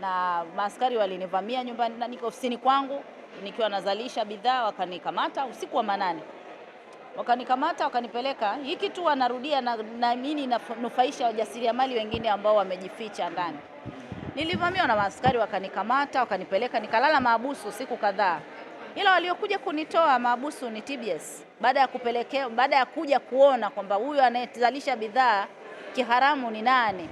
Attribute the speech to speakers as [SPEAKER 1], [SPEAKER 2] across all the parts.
[SPEAKER 1] na maaskari walinivamia nyumbani na niko ofisini kwangu nikiwa nazalisha bidhaa, wakanikamata usiku wa manane, wakanikamata wakanipeleka. Hiki tu wanarudia, naamini na wajasiriamali wengine ambao wamejificha ndani. Nilivamiwa na maaskari wakanikamata, wakanipeleka, nikalala maabusu siku kadhaa, ila waliokuja kunitoa maabusu ni TBS baada ya kupelekea, baada ya kuja kuona kwamba huyu anayezalisha bidhaa kiharamu ni nani.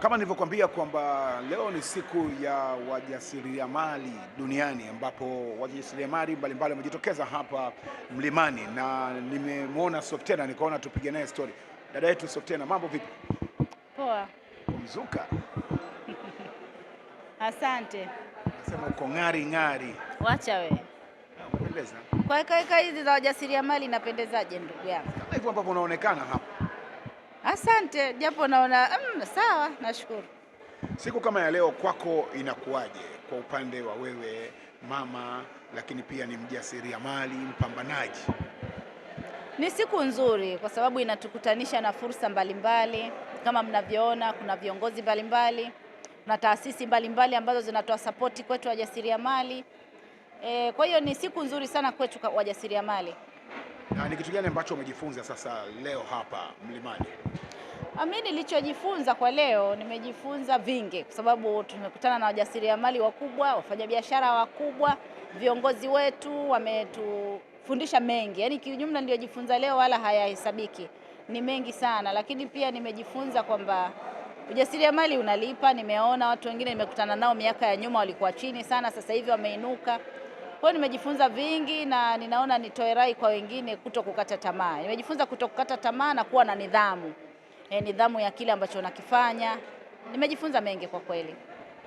[SPEAKER 2] Kama nilivyokuambia kwamba leo ni siku ya wajasiriamali duniani ambapo wajasiriamali mbalimbali wamejitokeza hapa Mlimani na nimemwona Softena nikaona tupige naye story. Dada yetu Softena, mambo vipi? Poa. Mzuka.
[SPEAKER 1] Asante.
[SPEAKER 2] Nasema uko ng'ari ng'ari.
[SPEAKER 1] Wacha we. Unapendeza. Kwa kaika hizi za wajasiriamali inapendezaje ndugu yangu?
[SPEAKER 2] Kama hivyo ambavyo unaonekana hapa.
[SPEAKER 1] Asante japo naona mm, sawa, nashukuru.
[SPEAKER 2] Siku kama ya leo kwako inakuwaje kwa upande wa wewe mama, lakini pia ni mjasiriamali mpambanaji?
[SPEAKER 1] Ni siku nzuri kwa sababu inatukutanisha na fursa mbalimbali. Kama mnavyoona, kuna viongozi mbalimbali, na taasisi mbalimbali ambazo zinatoa sapoti kwetu wajasiriamali. E, kwa hiyo ni siku nzuri sana kwetu wajasiriamali.
[SPEAKER 2] Na ah, ni kitu gani ambacho umejifunza sasa leo hapa Mlimani?
[SPEAKER 1] Mimi ah, nilichojifunza kwa leo, nimejifunza vingi, kwa sababu tumekutana na wajasiriamali wakubwa, wafanyabiashara wakubwa, viongozi wetu wametufundisha mengi, yaani kiujumla niliyojifunza leo wala hayahesabiki, ni mengi sana. Lakini pia nimejifunza kwamba ujasiriamali unalipa. Nimeona watu wengine nimekutana nao miaka ya nyuma walikuwa chini sana, sasa hivi wameinuka. Kwa hiyo nimejifunza vingi na ninaona nitoe rai kwa wengine kuto kukata tamaa. Nimejifunza kuto kukata tamaa na kuwa na nidhamu e, nidhamu ya kile ambacho nakifanya. Nimejifunza mengi kwa kweli.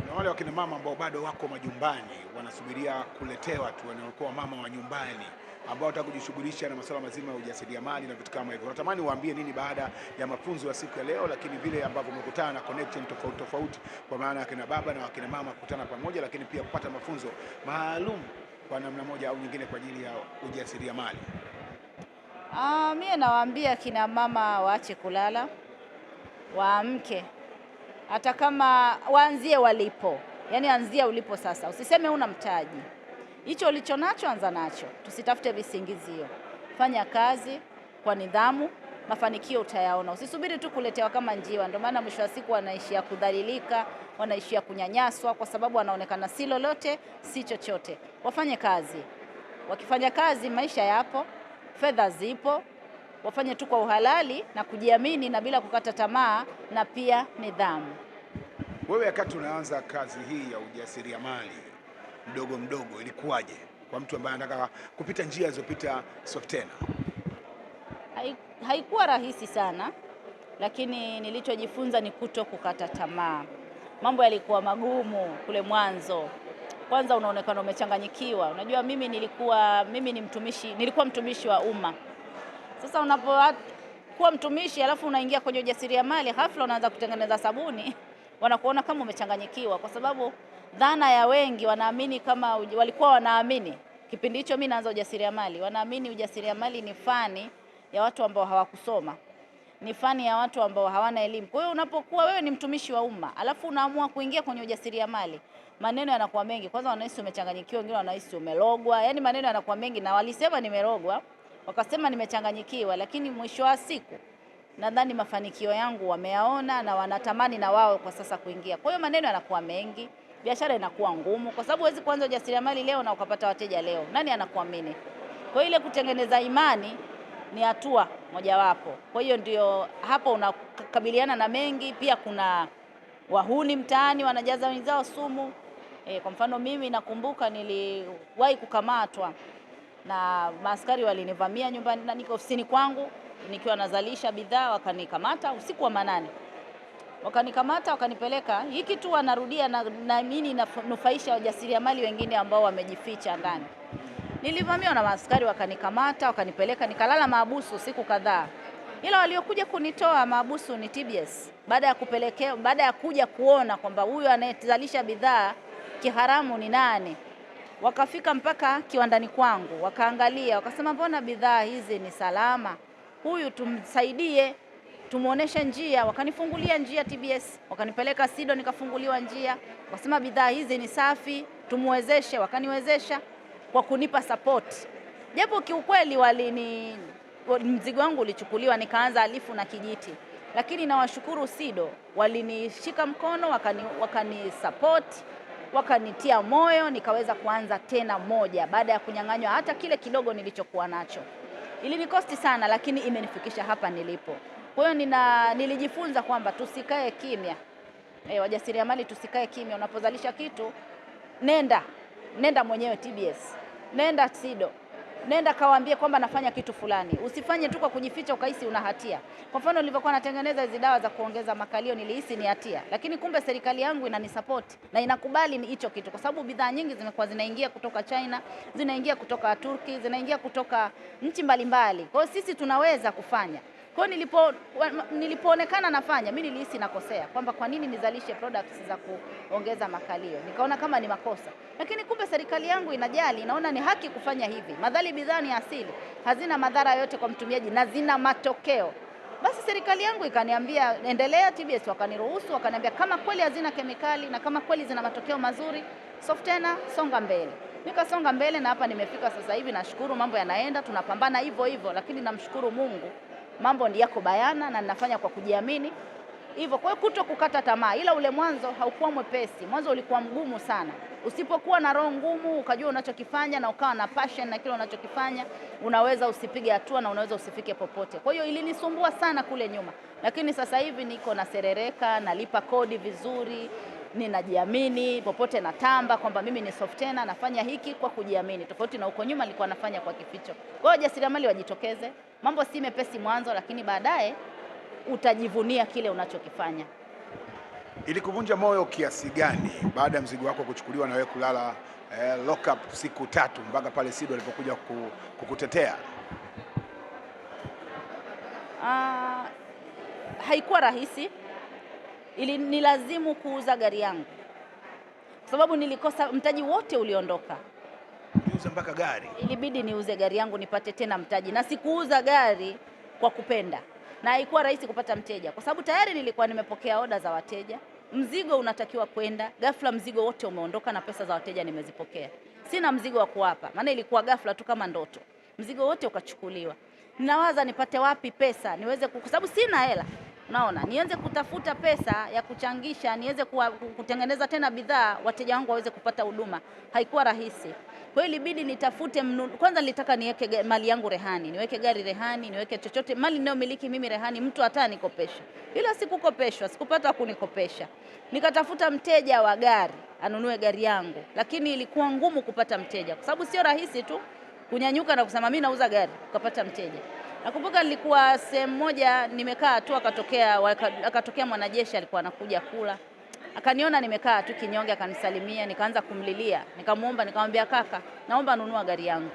[SPEAKER 2] Na wale wakina mama ambao bado wako majumbani wanasubiria kuletewa tu, wanaokuwa mama wa nyumbani ambao wataka kujishughulisha na masuala mazima ya ujasiriamali na vitu kama hivyo, natamani waambie nini baada ya mafunzo ya siku ya leo, lakini vile ambavyo umekutana na connection tofauti tofauti, kwa maana ya kina baba na wakina mama kukutana pamoja, lakini pia kupata mafunzo maalum kwa namna moja au nyingine kwa ajili ya ujasiriamali?
[SPEAKER 1] Ah, mie nawaambia kina mama waache kulala, waamke, hata kama waanzie walipo, yaani anzia ulipo sasa. Usiseme una mtaji, hicho ulicho nacho anza nacho, tusitafute visingizio. Fanya kazi kwa nidhamu mafanikio utayaona, usisubiri tu kuletewa kama njiwa. Ndio maana mwisho wa siku wanaishia kudhalilika, wanaishia kunyanyaswa, kwa sababu wanaonekana si lolote si chochote. Wafanye kazi, wakifanya kazi maisha yapo, fedha zipo. Wafanye tu kwa uhalali na kujiamini na bila kukata tamaa, na pia nidhamu.
[SPEAKER 2] Wewe wakati unaanza kazi hii ya ujasiriamali mdogo mdogo, ilikuwaje kwa mtu ambaye anataka kupita njia alizopita Softena?
[SPEAKER 1] haikuwa rahisi sana, lakini nilichojifunza ni kuto kukata tamaa. Mambo yalikuwa magumu kule mwanzo, kwanza unaonekana umechanganyikiwa. Unajua, mimi nilikuwa mimi ni mtumishi, nilikuwa mtumishi wa umma. Sasa unapokuwa mtumishi alafu unaingia kwenye ujasiriamali, ghafla unaanza kutengeneza sabuni, wanakuona kama umechanganyikiwa, kwa sababu dhana ya wengi wanaamini kama walikuwa wanaamini kipindi hicho mimi naanza ujasiriamali, wanaamini ujasiriamali ni fani ya watu ambao hawakusoma, ni fani ya watu ambao hawana elimu. Kwa hiyo unapokuwa wewe ni mtumishi wa umma alafu unaamua kuingia kwenye ujasiriamali, maneno yanakuwa mengi. Kwanza wanahisi umechanganyikiwa, wengine wanahisi umelogwa, yaani maneno yanakuwa mengi, na walisema nimerogwa, wakasema nimechanganyikiwa, lakini mwisho wa siku nadhani mafanikio yangu wameyaona na wanatamani na wao kwa sasa kuingia. Kwa hiyo maneno yanakuwa mengi, biashara inakuwa ngumu, kwa sababu huwezi kuanza ujasiriamali leo na ukapata wateja leo. Nani anakuamini? Kwa ile kutengeneza imani ni hatua mojawapo. Kwa hiyo ndio hapo unakabiliana na mengi. Pia kuna wahuni mtaani wanajaza wenzao sumu. E, kwa mfano mimi nakumbuka niliwahi kukamatwa na maaskari walinivamia nyumbani na niko ofisini kwangu nikiwa nazalisha bidhaa, wakanikamata usiku wa manane, wakanikamata wakanipeleka. Hii kitu wanarudia na nini, inanufaisha wajasiriamali wengine ambao wamejificha ndani. Nilivamiwa na maaskari wakanikamata, wakanipeleka nikalala maabusu siku kadhaa, ila waliokuja kunitoa maabusu ni TBS baada ya kupelekea, baada ya kuja kuona kwamba huyu anayezalisha bidhaa kiharamu ni nani. Wakafika mpaka kiwandani kwangu, wakaangalia, wakasema mbona bidhaa hizi ni salama, huyu tumsaidie, tumuoneshe njia. Wakanifungulia njia TBS, wakanipeleka SIDO, nikafunguliwa njia, wakasema bidhaa hizi ni safi, tumuwezeshe. Wakaniwezesha kwa kunipa support, japo kiukweli walini mzigo wangu ulichukuliwa nikaanza alifu na kijiti, lakini nawashukuru SIDO walinishika mkono wakani, wakani support wakanitia moyo nikaweza kuanza tena moja baada ya kunyang'anywa hata kile kidogo nilichokuwa nacho. Ilinikosti sana, lakini imenifikisha hapa nilipo. Kwa hiyo nina nilijifunza kwamba tusikae kimya. E, wajasiriamali tusikae kimya. Unapozalisha kitu nenda nenda mwenyewe TBS nenda SIDO, nenda kawaambie kwamba nafanya kitu fulani. Usifanye tu kwa kujificha ukahisi una hatia. Kwa mfano, nilivyokuwa natengeneza hizi dawa za kuongeza makalio nilihisi ni hatia, lakini kumbe serikali yangu inanisapoti na inakubali ni hicho kitu, kwa sababu bidhaa nyingi zimekuwa zinaingia kutoka China, zinaingia kutoka Turki, zinaingia kutoka nchi mbalimbali. Kwa hiyo sisi tunaweza kufanya kwa hiyo nilipo nilipoonekana nafanya mimi nilihisi nakosea kwamba kwa nini nizalishe products za kuongeza makalio, nikaona kama ni makosa, lakini kumbe serikali yangu inajali, inaona ni haki kufanya hivi, madhali bidhaa ni asili, hazina madhara yote kwa mtumiaji na zina matokeo. Basi serikali yangu ikaniambia endelea. TBS wakaniruhusu, wakaniambia kama kweli hazina kemikali na kama kweli zina matokeo mazuri, soft tena, songa mbele. Nikasonga mbele na hapa nimefika sasa hivi. Nashukuru mambo yanaenda, tunapambana hivyo hivyo, lakini namshukuru Mungu mambo ndi yako bayana na ninafanya kwa kujiamini hivyo. Kwa hiyo kuto kukata tamaa, ila ule mwanzo haukuwa mwepesi, mwanzo ulikuwa mgumu sana. Usipokuwa na roho ngumu, ukajua unachokifanya na ukawa na passion na kile unachokifanya, unaweza usipige hatua na unaweza usifike popote. Kwa hiyo ilinisumbua sana kule nyuma, lakini sasa hivi niko na serereka, nalipa kodi vizuri ninajiamini, popote natamba kwamba mimi ni tena nafanya hiki kwa kujiamini, tofauti na huko nyuma nilikuwa nafanya kwa kificho. Kwa hiyo wajitokeze, mambo si mepesi mwanzo, lakini baadaye utajivunia kile unachokifanya.
[SPEAKER 2] Ili kuvunja moyo kiasi gani baada ya mzigo wako kuchukuliwa na wewe kulala eh, lock up siku tatu mpaka pale SIDO alipokuja kukutetea?
[SPEAKER 1] Uh, haikuwa rahisi ili nilazimu kuuza gari yangu kwa sababu nilikosa mtaji, wote uliondoka.
[SPEAKER 2] Uliuza mpaka gari?
[SPEAKER 1] Ilibidi niuze gari yangu nipate tena mtaji, na sikuuza gari kwa kupenda, na haikuwa rahisi kupata mteja kwa sababu tayari nilikuwa nimepokea oda za wateja, mzigo unatakiwa kwenda, ghafla mzigo wote umeondoka na pesa za wateja nimezipokea, sina mzigo wa kuwapa, maana ilikuwa ghafla tu kama ndoto, mzigo wote ukachukuliwa. Ninawaza nipate wapi pesa niweze, kwa sababu sina hela. Unaona, nianze kutafuta pesa ya kuchangisha niweze kutengeneza tena bidhaa, wateja wangu waweze kupata huduma. Haikuwa rahisi, kwa hiyo ilibidi nitafute mnu... Kwanza nilitaka niweke mali yangu rehani, niweke gari rehani, niweke chochote mali ninayomiliki mimi rehani, mtu hata nikopesha, ila sikukopeshwa, sikupata kunikopesha. Nikatafuta mteja wa gari anunue gari yangu, lakini ilikuwa ngumu kupata mteja, kwa sababu sio rahisi tu kunyanyuka na kusema mimi nauza gari ukapata mteja. Nakumbuka nilikuwa sehemu moja nimekaa tu, akatokea akatokea mwanajeshi alikuwa anakuja kula, akaniona nimekaa tu kinyonge, akanisalimia, nikaanza kumlilia, nikamwomba, nikamwambia kaka, naomba nunua gari yangu.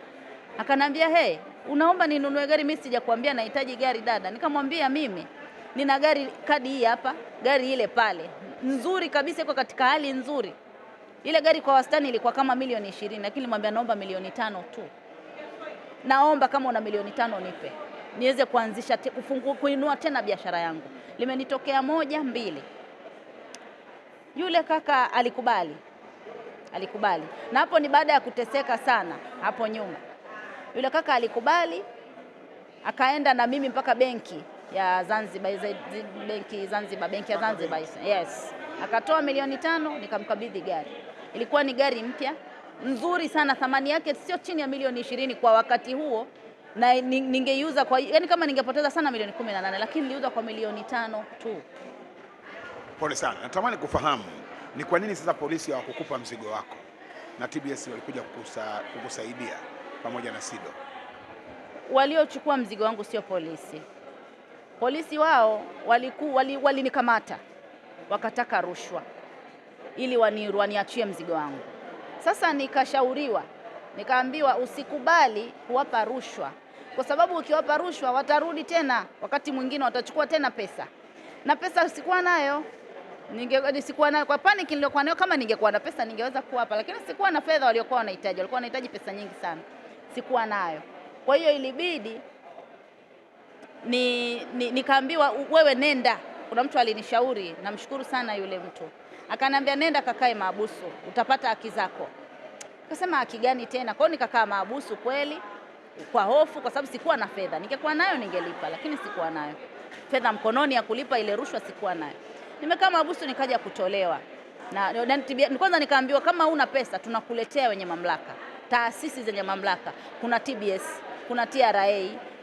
[SPEAKER 1] Akanambia hey, unaomba ninunue gari? Mimi sijakwambia nahitaji gari dada. Nikamwambia mimi nina gari kadi hii hapa, gari ile pale nzuri kabisa, iko katika hali nzuri. Ile gari kwa wastani ilikuwa kama milioni ishirini, lakini nilimwambia naomba milioni tano tu, naomba kama una milioni tano nipe niweze kuanzisha kufungu, kuinua tena biashara yangu. Limenitokea moja mbili, yule kaka alikubali, alikubali, na hapo ni baada ya kuteseka sana hapo nyuma. Yule kaka alikubali, akaenda na mimi mpaka benki ya Zanzibar, benki Zanzibar, benki ya Zanzibar, yes, akatoa milioni tano, nikamkabidhi gari. Ilikuwa ni gari mpya nzuri sana, thamani yake sio chini ya milioni ishirini kwa wakati huo na ningeiuza kwa, yani kama ningepoteza sana milioni 18 lakini niliuza kwa milioni tano tu.
[SPEAKER 2] Pole sana. Natamani kufahamu ni kwa nini sasa polisi hawakukupa mzigo wako na TBS walikuja kukusa, kukusaidia pamoja na SIDO?
[SPEAKER 1] Waliochukua mzigo wangu sio polisi. Polisi wao walinikamata wali, wali wakataka rushwa ili waniachie mzigo wangu. Sasa nikashauriwa nikaambiwa usikubali kuwapa rushwa kwa sababu ukiwapa rushwa watarudi tena, wakati mwingine watachukua tena pesa, na pesa sikuwa nayo ninge sikuwa nayo kwa panic niliokuwa nayo. Kama ningekuwa na pesa ningeweza kuwapa, lakini sikuwa na fedha waliokuwa wanahitaji. Walikuwa wanahitaji pesa nyingi sana, sikuwa nayo. Kwa hiyo ilibidi ni, ni, nikaambiwa wewe nenda. Kuna mtu alinishauri, namshukuru sana yule mtu, akaniambia nenda kakae maabusu utapata haki zako. Kasema haki gani tena? Kwa hiyo nikakaa maabusu kweli kwa hofu, kwa sababu sikuwa na fedha. Ningekuwa nayo ningelipa, lakini sikuwa nayo fedha mkononi ya kulipa ile rushwa, sikuwa nayo. Nimekaa mahabusu, nikaja kutolewa na, na, kwanza nikaambiwa kama huna pesa tunakuletea wenye mamlaka, taasisi zenye mamlaka, kuna TBS, kuna TRA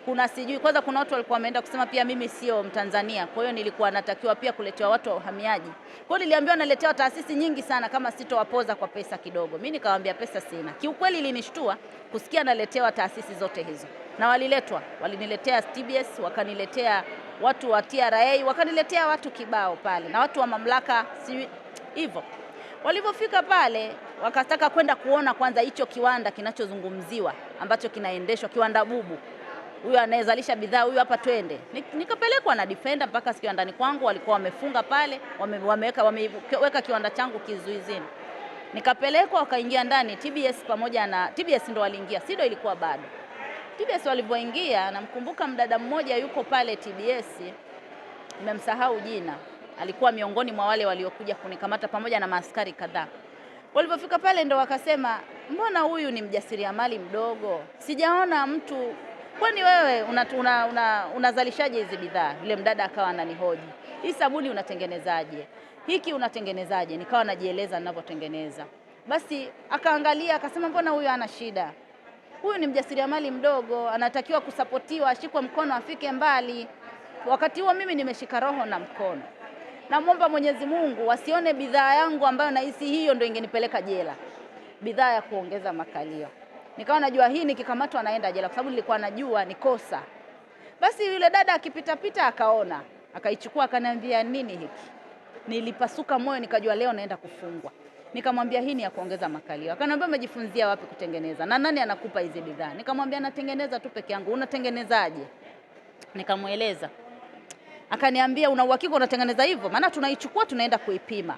[SPEAKER 1] kuna sijui kwanza, kuna watu walikuwa wameenda kusema pia mimi sio Mtanzania, kwa hiyo nilikuwa natakiwa pia kuletewa watu wa uhamiaji. Kwa hiyo niliambiwa naletewa taasisi nyingi sana kama sitowapoza kwa pesa kidogo. Mimi nikawaambia pesa sina. Kiukweli ilinishtua kusikia naletewa taasisi zote hizo, na waliletwa, waliniletea TBS, wakaniletea watu wa TRA, wakaniletea watu kibao pale na watu wa mamlaka si hivyo. Walivyofika pale wakataka kwenda kuona kwanza hicho kiwanda kinachozungumziwa ambacho kinaendeshwa, kiwanda bubu huyu anayezalisha bidhaa huyu hapa, twende. Nikapelekwa na defender mpaka kiwandani kwangu, walikuwa wamefunga pale, wameweka wame wame kiwanda changu kizuizini. Nikapelekwa, wakaingia ndani TBS pamoja na TBS, ndo waliingia, SIDO ilikuwa bado. TBS walivyoingia, namkumbuka mdada mmoja yuko pale TBS, nimemsahau jina, alikuwa miongoni mwa wale waliokuja kunikamata pamoja na maaskari kadhaa. Walipofika pale, ndo wakasema mbona huyu ni mjasiriamali mdogo, sijaona mtu kwani wewe unazalishaje una, una hizi bidhaa? Yule mdada akawa ananihoji, hii sabuni unatengenezaje? Hiki unatengenezaje? Nikawa najieleza ninavyotengeneza. Basi akaangalia akasema, mbona huyu ana shida, huyu ni mjasiriamali mdogo, anatakiwa kusapotiwa, ashikwe mkono, afike mbali. Wakati huo mimi nimeshika roho na mkono, namwomba Mwenyezi Mungu wasione bidhaa yangu ambayo nahisi hiyo ndio ingenipeleka jela, bidhaa ya kuongeza makalio. Nikawa najua hii nikikamatwa anaenda jela, kwa sababu nilikuwa najua ni kosa. Basi yule dada akipita pita akaona, akaichukua, akaniambia nini hiki. Nilipasuka moyo, nikajua leo naenda kufungwa. Nikamwambia hii ni ya kuongeza makalio. Akaniambia umejifunzia wapi kutengeneza na nani anakupa hizi bidhaa? Nikamwambia natengeneza tu peke yangu. Unatengenezaje? Nikamweleza. Akaniambia una uhakika unatengeneza hivyo? Maana tunaichukua tunaenda kuipima.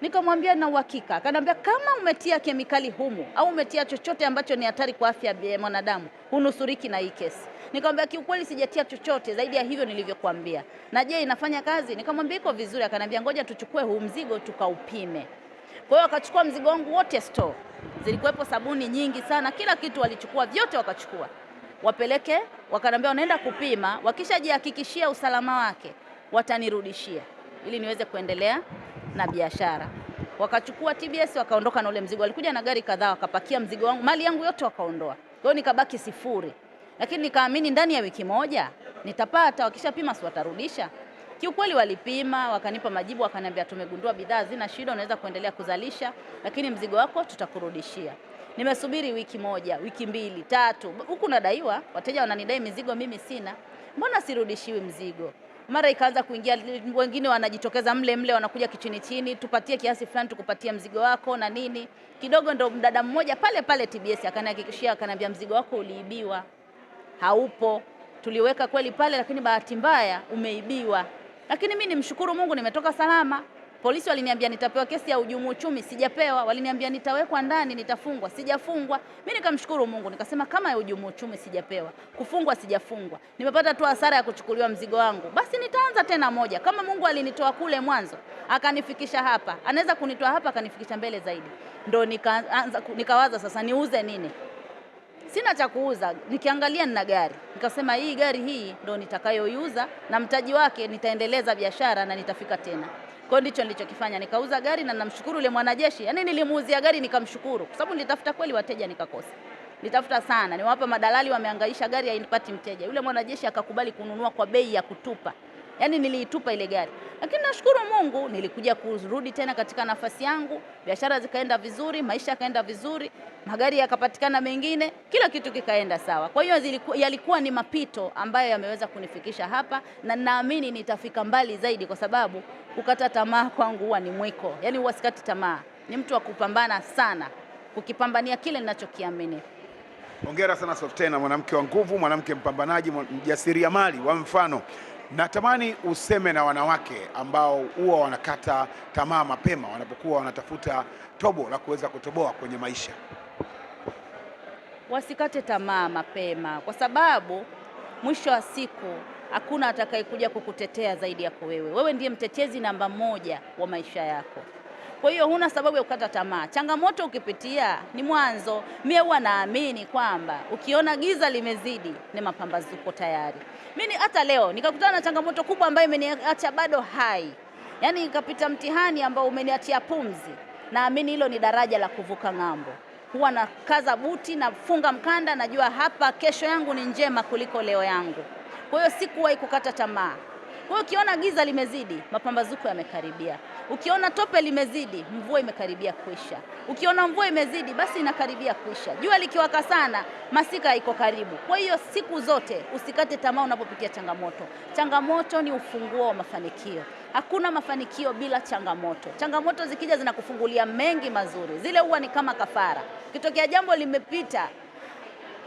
[SPEAKER 1] Nikamwambia na uhakika. Akaniambia kama umetia kemikali humu au umetia chochote ambacho ni hatari kwa afya ya mwanadamu, hunusuriki na hii kesi. Nikamwambia kiukweli, sijatia chochote zaidi ya hivyo nilivyokuambia. Na je, inafanya kazi? Nikamwambia iko vizuri. Akaniambia ngoja tuchukue huu mzigo tukaupime. Kwa hiyo akachukua mzigo wangu wote store. Zilikuwepo sabuni nyingi sana, kila kitu walichukua vyote, wakachukua wapeleke. Wakaniambia wanaenda kupima, wakishajihakikishia usalama wake watanirudishia ili niweze kuendelea na biashara. Wakachukua TBS wakaondoka na ule mzigo, walikuja na gari kadhaa wakapakia mzigo wangu, mali yangu yote wakaondoa. Kwa hiyo nikabaki sifuri, lakini nikaamini ndani ya wiki moja nitapata, wakishapima si watarudisha. Kiukweli walipima wakanipa majibu, wakaniambia tumegundua bidhaa zina shida, unaweza kuendelea kuzalisha, lakini mzigo wako tutakurudishia. Nimesubiri wiki moja, wiki mbili, tatu, huku nadaiwa, wateja wananidai mizigo, mimi sina. Mbona sirudishiwi mzigo? mara ikaanza kuingia, wengine wanajitokeza mle mle, wanakuja kichini chini, tupatie kiasi fulani, tukupatie mzigo wako na nini kidogo. Ndo mdada mmoja pale pale TBS akanihakikishia, akaniambia mzigo wako uliibiwa, haupo, tuliweka kweli pale, lakini bahati mbaya umeibiwa. Lakini mimi nimshukuru Mungu, nimetoka salama. Polisi waliniambia nitapewa kesi ya uhujumu uchumi, sijapewa. Waliniambia nitawekwa ndani, nitafungwa, sijafungwa. Mimi nikamshukuru Mungu, nikasema kama ya uhujumu uchumi sijapewa, kufungwa sijafungwa, nimepata tu hasara ya kuchukuliwa mzigo wangu, basi nitaanza tena moja. Kama Mungu alinitoa kule mwanzo akanifikisha hapa, anaweza kunitoa hapa akanifikisha mbele zaidi. Ndo nikaanza nikawaza, sasa niuze nini? Sina cha kuuza, nikiangalia nina gari, nikasema hii gari hii ndo nitakayoiuza na mtaji wake nitaendeleza biashara na nitafika tena kwa ndicho nilichokifanya, nikauza gari na namshukuru yule mwanajeshi. Yaani nilimuuzia gari nikamshukuru, kwa sababu nilitafuta kweli wateja nikakosa, nilitafuta sana, niwapa madalali, wameangaisha gari hainipati mteja. Yule mwanajeshi akakubali kununua kwa bei ya kutupa, yaani niliitupa ile gari. Lakini nashukuru Mungu, nilikuja kurudi tena katika nafasi yangu, biashara zikaenda vizuri, maisha yakaenda vizuri, magari yakapatikana mengine, kila kitu kikaenda sawa. Kwa hiyo yalikuwa ni mapito ambayo yameweza kunifikisha hapa, na naamini nitafika mbali zaidi, kwa sababu kukata tamaa kwangu huwa ni mwiko, yaani huwa sikati tamaa, ni mtu wa kupambana sana, kukipambania kile ninachokiamini.
[SPEAKER 2] Hongera sana Softena, mwanamke wa nguvu, mwanamke mpambanaji, mjasiriamali wa mfano. Natamani useme na wanawake ambao huwa wanakata tamaa mapema wanapokuwa wanatafuta tobo la kuweza kutoboa kwenye maisha.
[SPEAKER 1] Wasikate tamaa mapema, kwa sababu mwisho wa siku hakuna atakayekuja kukutetea zaidi yako wewe. Wewe ndiye mtetezi namba moja wa maisha yako. Kwa hiyo huna sababu ya kukata tamaa. Changamoto ukipitia ni mwanzo. Mie huwa naamini kwamba ukiona giza limezidi ni mapambazuko tayari. Mimi hata leo nikakutana na changamoto kubwa ambayo imeniacha bado hai, yaani nikapita mtihani ambao umeniachia pumzi. Naamini hilo ni daraja la kuvuka ng'ambo. Huwa nakaza buti, nafunga mkanda, najua hapa kesho yangu ni njema kuliko leo yangu. Kwa hiyo sikuwahi kukata tamaa. Kwa hiyo ukiona giza limezidi, mapambazuko yamekaribia. Ukiona tope limezidi, mvua imekaribia kuisha. Ukiona mvua imezidi, basi inakaribia kuisha. Jua likiwaka sana, masika iko karibu. Kwa hiyo siku zote usikate tamaa unapopitia changamoto. Changamoto ni ufunguo wa mafanikio. Hakuna mafanikio bila changamoto. Changamoto zikija zinakufungulia mengi mazuri, zile huwa ni kama kafara. Kitokea jambo limepita,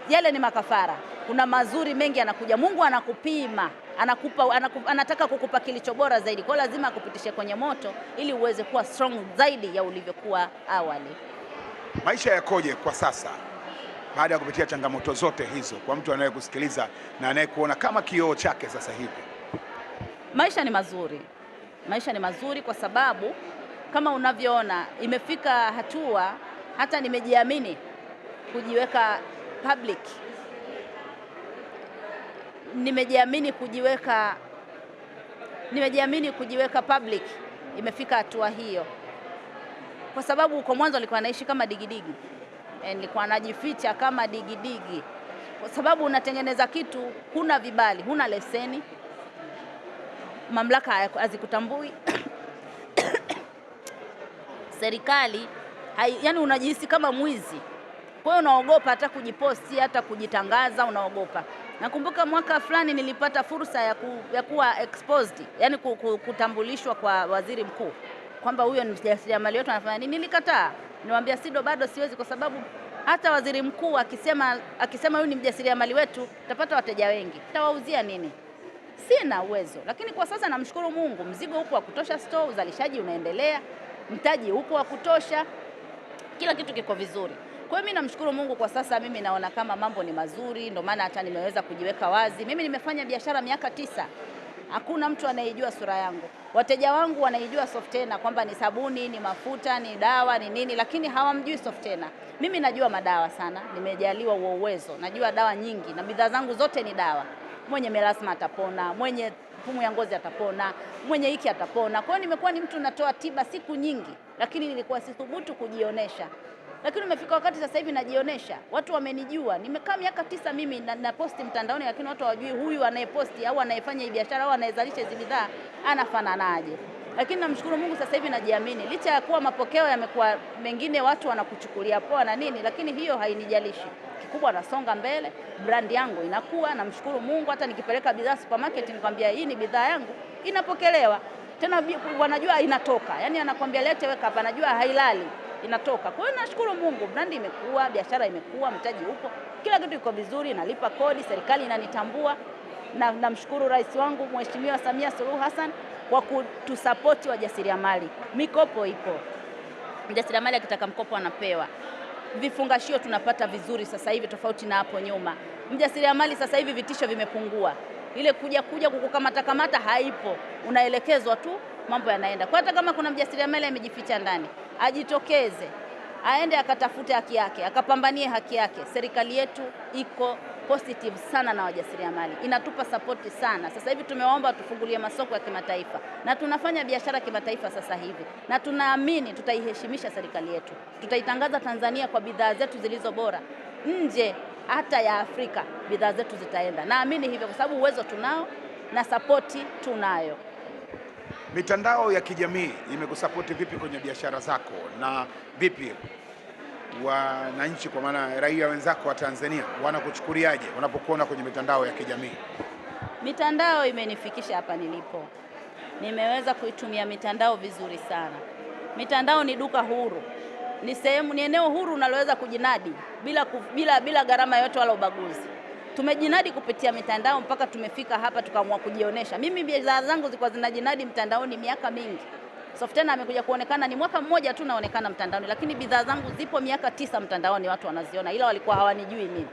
[SPEAKER 1] yale ni makafara. Kuna mazuri mengi yanakuja. Mungu anakupima anakupa, anataka kukupa kilicho bora zaidi, kwa lazima akupitishe kwenye moto ili uweze kuwa strong zaidi ya ulivyokuwa awali.
[SPEAKER 2] Maisha yakoje kwa sasa baada ya kupitia changamoto zote hizo, kwa mtu anayekusikiliza na anayekuona kama kioo chake sasa hivi?
[SPEAKER 1] Maisha ni mazuri, maisha ni mazuri kwa sababu kama unavyoona imefika hatua hata nimejiamini kujiweka public nimejiamini kujiweka nimejiamini kujiweka public, imefika hatua hiyo, kwa sababu huko mwanzo nilikuwa anaishi kama digidigi, eh, nilikuwa najificha kama digidigi, kwa sababu unatengeneza kitu, huna vibali, huna leseni, mamlaka hazikutambui serikali hai, yani unajihisi kama mwizi, kwa hiyo unaogopa hata kujiposti, hata kujitangaza, unaogopa. Nakumbuka mwaka fulani nilipata fursa ya, ku, ya kuwa exposed, yani kutambulishwa kwa waziri mkuu kwamba huyo ni mjasiriamali wetu anafanya nini. Nilikataa, niwaambia SIDO bado siwezi, kwa sababu hata waziri mkuu akisema akisema huyu ni mjasiriamali wetu tapata wateja wengi, tawauzia nini? Sina uwezo. Lakini kwa sasa namshukuru Mungu, mzigo upo wa kutosha store, uzalishaji unaendelea, mtaji upo wa kutosha, kila kitu kiko vizuri. Kwa mimi namshukuru Mungu kwa sasa, mimi naona kama mambo ni mazuri, ndio maana hata nimeweza kujiweka wazi. Mimi nimefanya biashara miaka tisa, hakuna mtu anayejua sura yangu. Wateja wangu wanaijua Softena kwamba ni sabuni, ni mafuta, ni dawa, ni nini, lakini hawamjui Softena. Mimi najua madawa sana, nimejaliwa huo uwezo, najua dawa nyingi na bidhaa zangu zote ni dawa. Mwenye melasma atapona, mwenye pumu ya ngozi atapona, mwenye hiki atapona. Kwa hiyo nimekuwa ni mtu natoa tiba siku nyingi, lakini nilikuwa sithubutu kujionesha lakini umefika wakati sasa hivi najionesha, watu wamenijua. Nimekaa miaka tisa mimi na, na posti mtandaoni, lakini watu hawajui huyu anayeposti au anayefanya hii biashara au anayezalisha hizi bidhaa anafananaje. Lakini namshukuru Mungu sasa hivi najiamini, licha ya kuwa mapokeo yamekuwa mengine, watu wanakuchukulia poa na nini, lakini hiyo hainijalishi. Kikubwa nasonga mbele, brand yangu inakuwa. Namshukuru Mungu, hata nikipeleka bidhaa supermarket, nikwambia hii ni bidhaa yangu, inapokelewa tena, wanajua inatoka. Yani anakwambia lete, weka hapa, anajua hailali inatoka. Kwa hiyo nashukuru Mungu, brandi imekuwa, biashara imekuwa, mtaji upo, kila kitu iko vizuri, nalipa kodi, serikali inanitambua na namshukuru rais wangu Mheshimiwa Samia Suluhu Hassan kwa kutusapoti wajasiriamali. Mikopo ipo, mjasiriamali akitaka mkopo anapewa. Vifungashio tunapata vizuri sasa hivi tofauti na hapo nyuma. Mjasiriamali sasa hivi vitisho vimepungua ile kuja kuja kukukamata kamata haipo, unaelekezwa tu, mambo yanaenda. Kwa hata kama kuna mjasiriamali amejificha ndani, ajitokeze, aende akatafute haki yake, akapambanie haki yake. Serikali yetu iko positive sana na wajasiriamali, inatupa sapoti sana. Sasa hivi tumewaomba tufungulie masoko ya kimataifa, na tunafanya biashara kimataifa sasa hivi, na tunaamini tutaiheshimisha serikali yetu, tutaitangaza Tanzania kwa bidhaa zetu zilizo bora nje hata ya Afrika bidhaa zetu zitaenda. Naamini hivyo kwa sababu uwezo tunao na sapoti tunayo.
[SPEAKER 2] Mitandao ya kijamii imekusapoti vipi kwenye biashara zako na vipi wananchi, kwa maana raia wenzako wa Tanzania wanakuchukuliaje wanapokuona kwenye mitandao ya kijamii?
[SPEAKER 1] Mitandao imenifikisha hapa nilipo, nimeweza kuitumia mitandao vizuri sana. Mitandao ni duka huru ni sehemu, ni eneo huru unaloweza kujinadi bila, bila, bila gharama yoyote wala ubaguzi. Tumejinadi kupitia mitandao mpaka tumefika hapa tukaamua kujionesha. Mimi bidhaa zangu zilikuwa zinajinadi mtandaoni miaka mingi. Softena amekuja kuonekana ni mwaka mmoja tu naonekana mtandaoni, lakini bidhaa zangu zipo miaka tisa mtandaoni, watu wanaziona, ila walikuwa hawanijui mimi.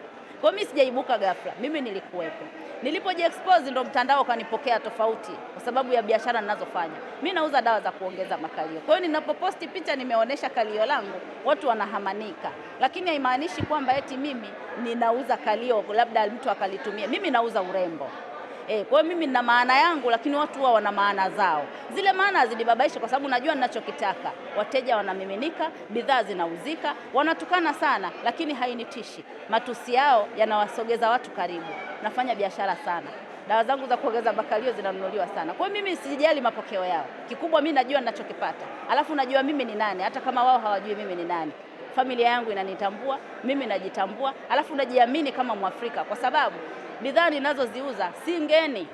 [SPEAKER 1] Kwa mimi sijaibuka ghafla, mimi nilikuwepo. Nilipojiexpose ndo mtandao ukanipokea tofauti kwa sababu ya biashara ninazofanya. Mimi nauza dawa za kuongeza makalio. Kwa hiyo ninapoposti picha nimeonesha kalio langu, watu wanahamanika. Lakini haimaanishi kwamba eti mimi ninauza kalio labda mtu akalitumia. Mimi nauza urembo. E, kwa hiyo mimi nina maana yangu, lakini watu wao wana maana zao. Zile maana hazinibabaisha kwa sababu najua ninachokitaka. Wateja wanamiminika, bidhaa zinauzika, wanatukana sana, lakini hainitishi. Matusi yao yanawasogeza watu karibu. Nafanya biashara sana, dawa zangu za kuongeza bakalio zinanunuliwa sana. Kwa hiyo mimi sijali mapokeo yao, kikubwa mimi najua ninachokipata, alafu najua mimi ni nani, hata kama wao hawajui mimi ni nani familia yangu inanitambua, mimi najitambua, alafu najiamini kama Mwafrika, kwa sababu bidhaa ninazoziuza si ngeni,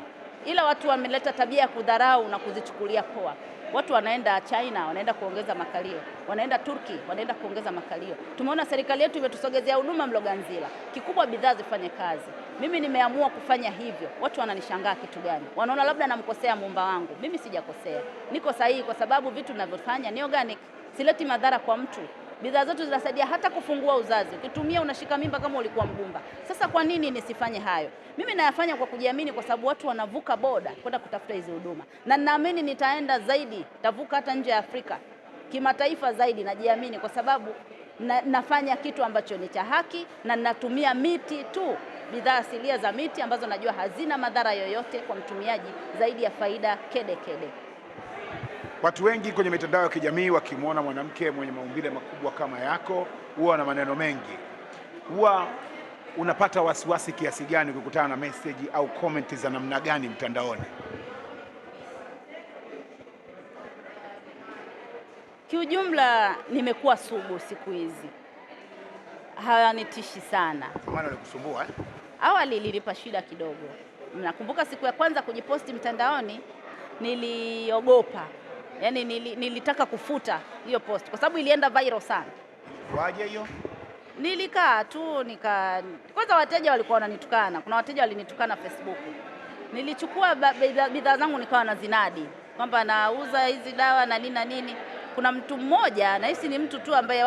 [SPEAKER 1] ila watu wameleta tabia ya kudharau na kuzichukulia poa. Watu wanaenda China wanaenda kuongeza makalio, wanaenda Turki wanaenda kuongeza makalio. Tumeona serikali yetu imetusogezea huduma Mloganzila, kikubwa bidhaa zifanye kazi. Mimi nimeamua kufanya hivyo. Watu wananishangaa kitu gani? Wanaona labda namkosea muumba wangu. Mimi sijakosea, niko sahihi, kwa sababu vitu ninavyofanya ni organic, sileti madhara kwa mtu. Bidhaa zetu zinasaidia hata kufungua uzazi, ukitumia unashika mimba kama ulikuwa mgumba. Sasa kwa nini nisifanye hayo? Mimi nayafanya kwa kujiamini, kwa sababu watu wanavuka boda kwenda kutafuta hizi huduma, na ninaamini nitaenda zaidi, tavuka hata nje ya Afrika, kimataifa zaidi. Najiamini kwa sababu na, nafanya kitu ambacho ni cha haki na natumia miti tu, bidhaa asilia za miti ambazo najua hazina madhara yoyote kwa mtumiaji zaidi ya faida kedekede kede.
[SPEAKER 2] Watu wengi kwenye mitandao ya kijamii wakimwona mwanamke mwenye maumbile makubwa kama yako huwa na maneno mengi. Huwa unapata wasiwasi kiasi gani ukikutana na message au comment za namna gani mtandaoni?
[SPEAKER 1] Kiujumla nimekuwa sugu siku hizi, hawanitishi sana.
[SPEAKER 2] Maana alikusumbua eh?
[SPEAKER 1] Awali lilipa shida kidogo. Nakumbuka siku ya kwanza kujiposti mtandaoni niliogopa yani nili, nilitaka kufuta hiyo post kwa sababu ilienda viral sana. Kwaje hiyo? Nilikaa tu nika, kwanza wateja walikuwa wananitukana, kuna wateja walinitukana Facebook. Nilichukua bidhaa zangu nikawa na zinadi kwamba nauza hizi dawa na nini na nini. Kuna mtu mmoja nahisi ni mtu tu ambaye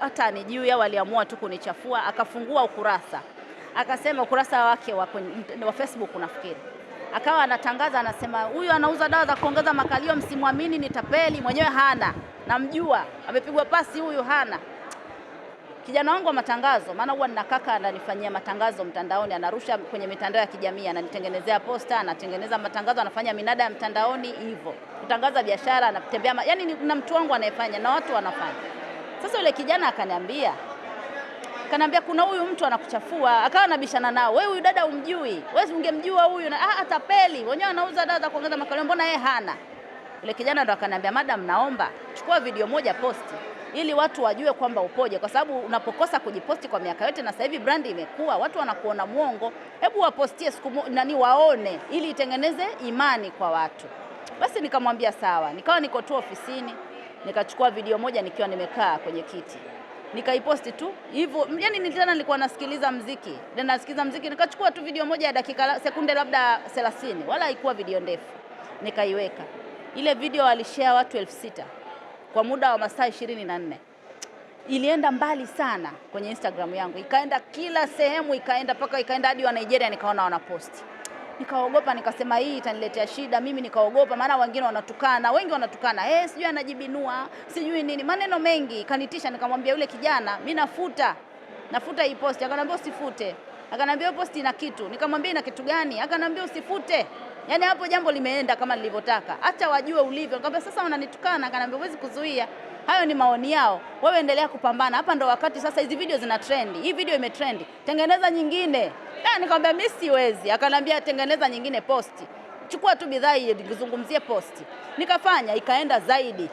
[SPEAKER 1] hata anijui au aliamua tu kunichafua, akafungua ukurasa akasema ukurasa wake wa Facebook, nafikiri akawa anatangaza anasema, huyu anauza dawa za kuongeza makalio, msimwamini, ni tapeli, mwenyewe hana, namjua, amepigwa pasi, huyu hana. Kijana wangu wa matangazo, maana huwa nina kaka ananifanyia matangazo mtandaoni, anarusha kwenye mitandao ya kijamii, ananitengenezea posta, anatengeneza matangazo, anafanya minada ya mtandaoni hivyo, kutangaza biashara, anatembea, yani na mtu wangu anayefanya na watu wanafanya. Sasa yule kijana akaniambia Kanaambia kuna huyu mtu anakuchafua, akawa anabishana nao, wewe huyu dada umjui, wewe ungemjua huyu na ah, atapeli wenyewe anauza dawa za kuongeza makalio, mbona yeye hana? Yule kijana ndo akanambia, madam, naomba chukua video moja posti ili watu wajue kwamba upoje, kwa sababu unapokosa kujiposti kwa miaka yote, na sasa hivi brand imekuwa, watu wanakuona mwongo. Hebu wapostie siku nani waone, ili itengeneze imani kwa watu. Basi nikamwambia sawa, nikawa niko tu ofisini, nikachukua video moja nikiwa nimekaa kwenye kiti nikaiposti tu hivyo. Yani tena nilikuwa nasikiliza mziki na nasikiliza mziki, nikachukua tu video moja ya dakika sekunde labda 30, wala haikuwa video ndefu, nikaiweka ile video. Walishare watu elfu sita kwa muda wa masaa 24. Ilienda mbali sana kwenye Instagram yangu, ikaenda kila sehemu, ikaenda mpaka ikaenda hadi wa Nigeria, nikaona wanaposti nikaogopa, nikasema hii itaniletea shida mimi, nikaogopa, maana wengine wanatukana, wengi wanatukana, eh, sijui anajibinua sijui nini, maneno mengi kanitisha. Nikamwambia yule kijana, mimi nafuta nafuta hii posti. Akanambia usifute, akanambia hiyo posti ina kitu. Nikamwambia ina kitu gani? Akanambia usifute. Yaani hapo jambo limeenda kama nilivyotaka, hata wajue ulivyo. Nikamwambia sasa wananitukana, akanambia huwezi kuzuia hayo ni maoni yao, wewe endelea kupambana. Hapa ndo wakati sasa, hizi video zina trendi, hii video imetrendi, tengeneza nyingine. Ya, eh, Nikamwambia mimi siwezi, akanambia tengeneza nyingine posti, chukua tu bidhaa hiyo nikuzungumzie posti. Nikafanya ikaenda zaidi.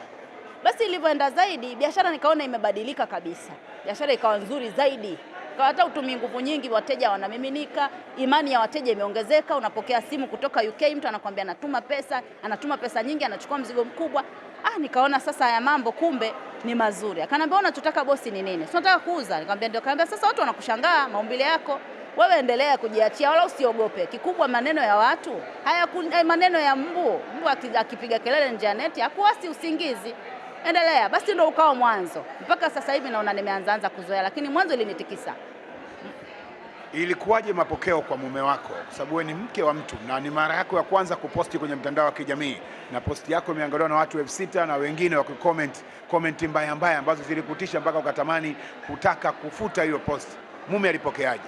[SPEAKER 1] Basi ilivyoenda zaidi, biashara nikaona imebadilika kabisa, biashara ikawa nzuri zaidi kwa hata utumii nguvu nyingi, wateja wanamiminika, imani ya wateja imeongezeka. Unapokea simu kutoka UK, mtu anakuambia anatuma pesa, anatuma pesa nyingi, anachukua mzigo mkubwa. Ah, nikaona sasa haya mambo kumbe ni mazuri. Akanambia unachotaka bosi ni nini? Tunataka kuuza. Nikamwambia ndio. Kaambia sasa watu wanakushangaa maumbile yako. Wewe endelea kujiachia, wala usiogope. Kikubwa maneno ya watu haya, eh, maneno ya mbu. Mbu akipiga kelele nje ya neti hakuasi usingizi. Endelea basi, ndio ukawa mwanzo. Mpaka sasa hivi naona nimeanzaanza kuzoea, lakini mwanzo ilinitikisa.
[SPEAKER 2] Ilikuwaje mapokeo kwa mume wako, kwa sababu wewe ni mke wa mtu na ni mara yako ya kwanza kuposti kwenye mtandao wa kijamii, na posti yako imeangaliwa na watu elfu sita na wengine wakicomment comment mbaya mbaya ambazo zilikutisha mpaka ukatamani kutaka kufuta hiyo posti? Mume alipokeaje?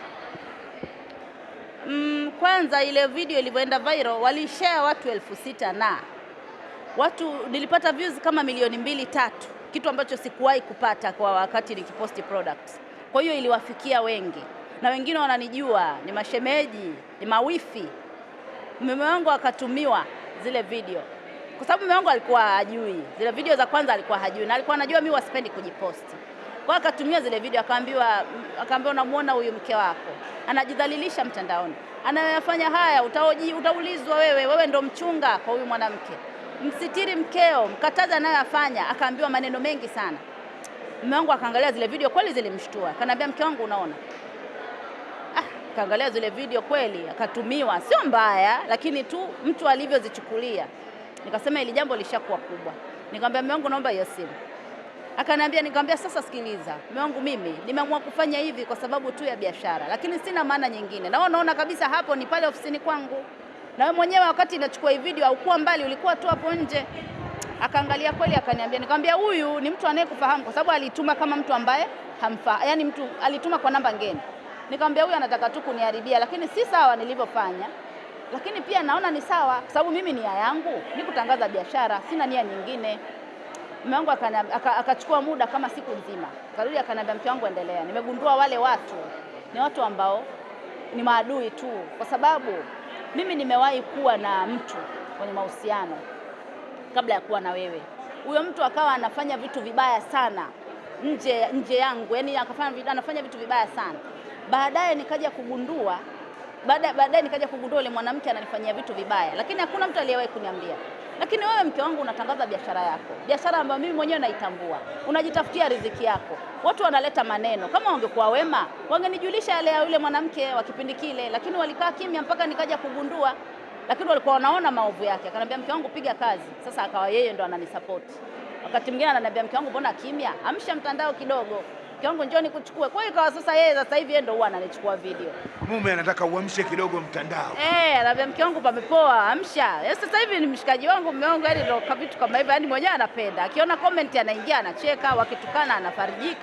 [SPEAKER 1] kwanza ile video ilivyoenda viral walishare watu elfu sita na watu nilipata views kama milioni mbili tatu, kitu ambacho sikuwahi kupata kwa wakati nikiposti products. Kwa hiyo iliwafikia wengi, na wengine wananijua ni mashemeji, ni mawifi. Mume wangu akatumiwa zile video, kwa sababu mume wangu alikuwa hajui zile video za kwanza, alikuwa hajui na alikuwa anajua mimi wasipendi kujiposti kwa akatumia zile video akaambiwa, akaambiwa unamwona huyu mke wako anajidhalilisha mtandaoni, anayoyafanya haya, utaoji, utaulizwa wewe, wewe ndo mchunga kwa huyu mwanamke, msitiri mkeo, mkataza anayoyafanya. Akaambiwa maneno mengi sana. Mume wangu akaangalia zile video, kweli zilimshtua, kanaambia mke wangu, unaona ah, kaangalia zile video kweli, akatumiwa, sio mbaya, lakini tu mtu alivyozichukulia. Nikasema ili jambo lishakuwa kubwa, nikamwambia mume wangu, naomba hiyo simu Akaniambia, nikamwambia sasa sikiliza, mume wangu, mimi nimeamua kufanya hivi kwa sababu tu ya biashara, lakini sina maana nyingine. Na wewe unaona kabisa hapo ni pale ofisini kwangu, na wewe mwenyewe wakati inachukua hii video haukuwa mbali, ulikuwa tu hapo nje. Akaangalia kweli, akaniambia. Nikamwambia huyu ni mtu anayekufahamu kwa sababu alituma kama mtu ambaye hamfa, yani mtu alituma kwa namba ngeni. Nikamwambia huyu anataka tu kuniharibia, lakini si sawa nilivyofanya lakini pia naona ni sawa, kwa sababu mimi nia yangu ni kutangaza biashara, sina nia nyingine mume wangu akachukua aka muda kama siku nzima, karudi akaniambia, mke wangu, endelea. Nimegundua wale watu ni watu ambao ni maadui tu, kwa sababu mimi nimewahi kuwa na mtu kwenye mahusiano kabla ya kuwa na wewe. Huyo mtu akawa anafanya vitu vibaya sana nje nje yangu, yani anafanya vitu vibaya sana. Baadaye nikaja kugundua baada baadaye nikaja kugundua yule mwanamke ananifanyia vitu vibaya, lakini hakuna mtu aliyewahi kuniambia. Lakini wewe mke wangu, unatangaza biashara yako, biashara ambayo mimi mwenyewe naitambua, unajitafutia riziki yako. Watu wanaleta maneno, kama wangekuwa wema wangenijulisha yale ya yule mwanamke wa kipindi kile, lakini walikaa kimya mpaka nikaja kugundua, lakini walikuwa wanaona maovu yake. Akanambia mke wangu, piga kazi. Sasa akawa yeye ndo ananisapoti. Wakati mwingine ananiambia mke wangu, mbona kimya, amsha mtandao kidogo rafiki wangu njoo kuchukue. Kwa hiyo ikawa sasa yeye sasa hivi yeye ndio huwa ananichukua video.
[SPEAKER 2] Mume anataka uamshe kidogo mtandao.
[SPEAKER 1] Eh, anambia mke wangu pamepoa, amsha. Yes, eh, sasa hivi ni mshikaji wangu mume wangu, yani ndio kavitu kama hivyo, yani mwenyewe anapenda. Akiona comment anaingia anacheka, wakitukana anafarijika.